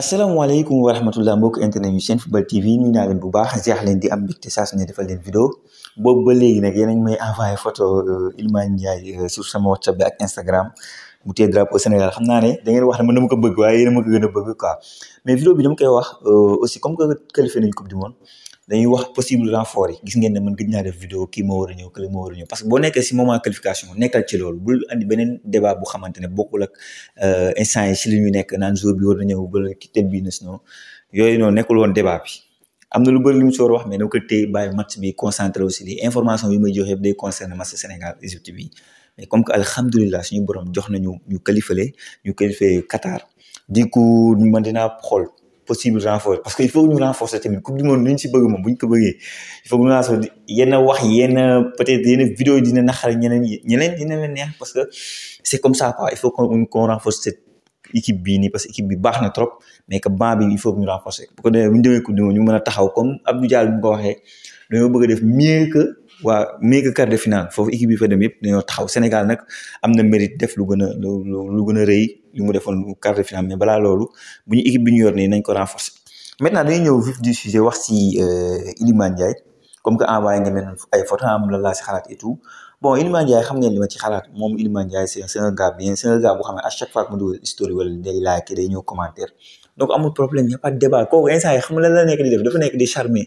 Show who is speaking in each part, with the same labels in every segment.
Speaker 1: asalaamaaleykum wa rahmatullah mbokk internet yu seen football tv nuyu naa leen bu baax jeex leen di am mbégte saa su ne defal leen vidéo boobu ba léegi nag yéen a ngi may envoyé photo euh, Iliman Ndiaye euh, sur sama whatsapp bi ak instagram mu téye drapeau Sénégal xam naa ne da ngeen wax ne man ma ko bëgg waaye yéen ma ko gën a bëgg quoi mais vidéo bi dama koy wax euh, aussi comme que qualifié nañ coupe di monde dañuy wax possible renfort gis ngeen ne man gëj naa def vidéo kii moo war a ñëw kële moo war a ñëw parce que boo nekkee si moment qualification nekkal ci loolu bul andi beneen débat bu xamante ne bokkul ak euh, instant yi si li ñu nekk na ñëw bala ki tel bii nas non yooyu noonu nekkul woon am na lu bëri li mu si a wax mais dama ko téye bàyyi match bi concentré aussi li information yi may joxe yëpp day concerné match Sénégal Égypte bi mais comme que alhamdulilah ñu borom jox nañu ñu qualifié ñu qualifié Qatar di ko man dinaa xool possible renforcer parce qu'il faut nous renforcer tamit coupe du monde ñu nous. bëgg ko il faut peut-être vidéo dina ñeneen ñeneen dina neex parce que c'est comme ça quoi il faut qu'on nous renforce cette équipe nous parce que équipe bi baax trop mais que il faut que nous bu ko nous avons comme Abdou ko mieux que wa méga quart de finale fofu équipe bi fa dem yëpp dañoo taxaw Sénégal nag am na mérite def lu gën a lu lu gën a rëy li mu defoon quart de finale mais balaa loolu bu ñu équipe bi ñu yor nii nañ ko renforcer. maintenant dañuy ñëw vif du sujet wax si euh, Iliman Ndiaye comme que envoyé nga leen ay photo am la laa si xalaat et tout bon Iliman Ndiaye xam ngeen li ma ci xalaat moom Iliman Ndiaye c'est un gars bien c'est un gars boo xam ne à chaque fois que mu dugal story wala day like day ñëw commentaire. donc amul problème y a pas de débat kooku instant yi xam la la nekk di def dafa nekk di charmer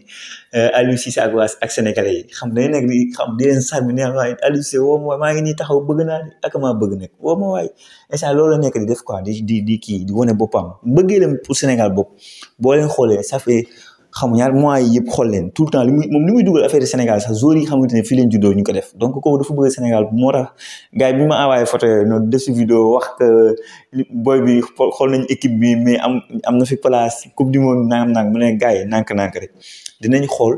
Speaker 1: euh, Aliou Cissé ak waa ak sénégalais yi xam dañu nekk di xam di leen charmer ne waaye ma maa ngi nii taxaw bëgg naa de ak maa nekk woo ma waaye instant loolu la nekk di def di di di kii di wane boppam bëggee leen pour Sénégal bopp boo leen sa ça fait xamu ñaar mois yëpp xool leen tout le temps li muy moom li muy dugal affaire Sénégal sax joueurs yi xamante ne fii leen juddoo ñu ko def donc kooku bi ma def si xool nañu équipe bi mais am am na fi place coupe du monde nangam nangam mu ne gars yi nànk-nànk rek dinañ xool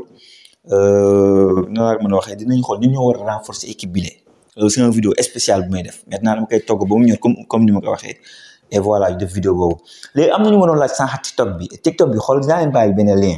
Speaker 1: euh, na laa mën a waxee dinañ xool ni ñoo war a renforcer bi le c'est un vidéo may def maintenant dama koy togg ba mu ñor comme comme ni ma ko waxee et voilà ñu vidéo boobu les amna ñu mënon la sànq TikTok bi TikTok bi xol naa leen bàyyil benn lien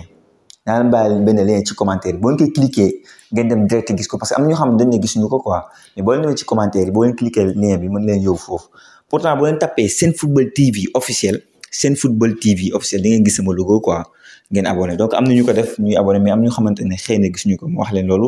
Speaker 1: naa leen bàyyil benn lien ci commentaire bo ngi cliquer ngeen dem direct gis ko parce que am ñu ñoo xam dañ ne gisuñu ko quoi mais bo leen ci commentaire bo leen cliquer lien bi mën leen yow foofu pourtant bo leen tapé sen football TV officiel sen football TV officiel da ngeen gis sama logo quoi ngeen abonné donc am ñu ko def ñuy abonné mais am ñu xamante xeyna xëy na ko wax leen lolu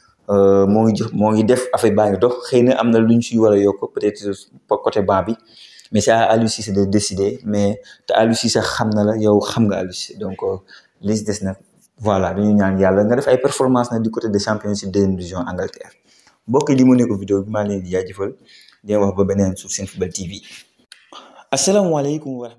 Speaker 1: Euh, moo ngi ngi def affaire baa ngi dox xëy na am na lu ñu ciy war a yokk peut-être côté banc bi mais c'est à Aliou Cissé de décider mais ta Aliou Cissé xamna la yow xam nga Aliou donc euh, liste des nag voilà dañu ñaan yalla nga def ay performance na du côté des champions de deuxième division Angleterre mbokk li mo neko vidéo bi ma leen di jaajëfal di wax ba benen sur football TV. asalaamaaleykum wa